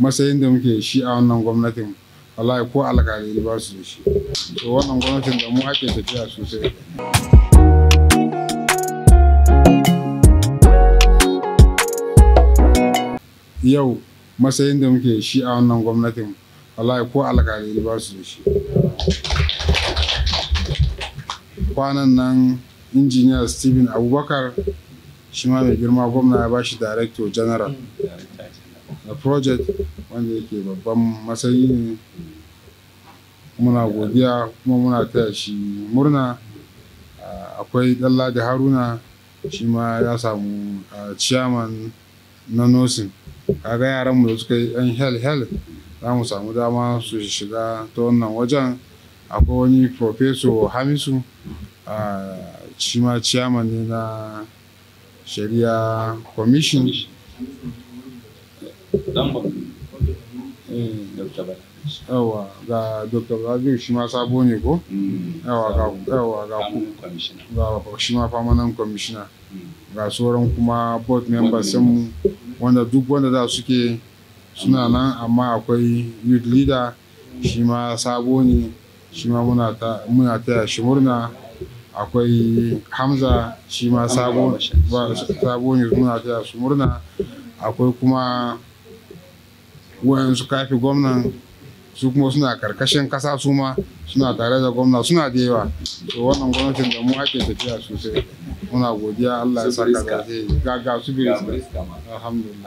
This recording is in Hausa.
matsayin da muke shi a wannan gwamnatin wallahi ko alƙalai ba su da shi to wannan gwamnatin da mu ake tafiya sosai yau matsayin da muke shi a wannan gwamnatin wallahi ko alƙalai ba su da shi kwanan nan injiniya steven abubakar shi ma mai girma gwamna ya ba shi director general da project wanda yake babban matsayi ne muna godiya kuma muna taya shi murna akwai ɗanladi haruna shi ma ya samu ah, chairman na nosin kaga mu da suka yi yan hel hel za mu samu dama su shiga ta wannan wajen akwai wani professor hamisu ah, shi ma chairman ne na shari'a commission lambar mm, yawa ga dr brazil shi ma sabo ne ko yawa mm. ga yawa ga ku ga shi ma permanent commissioner mm. ga sauran kuma board members mu wanda duk wanda da suke suna nan amma akwai youth leader shi ma sabo ne shi ma muna taya shi murna akwai hamza shi ma sabo ne muna taya shi murna akwai kuma su kafi gwamnan su kuma suna karkashin kasa su ma suna tare da gwamna suna da yawa to wannan gwamnatin da mu ake tafiya sosai muna godiya Allah ya saka da zai gaga su bi alhamdulillah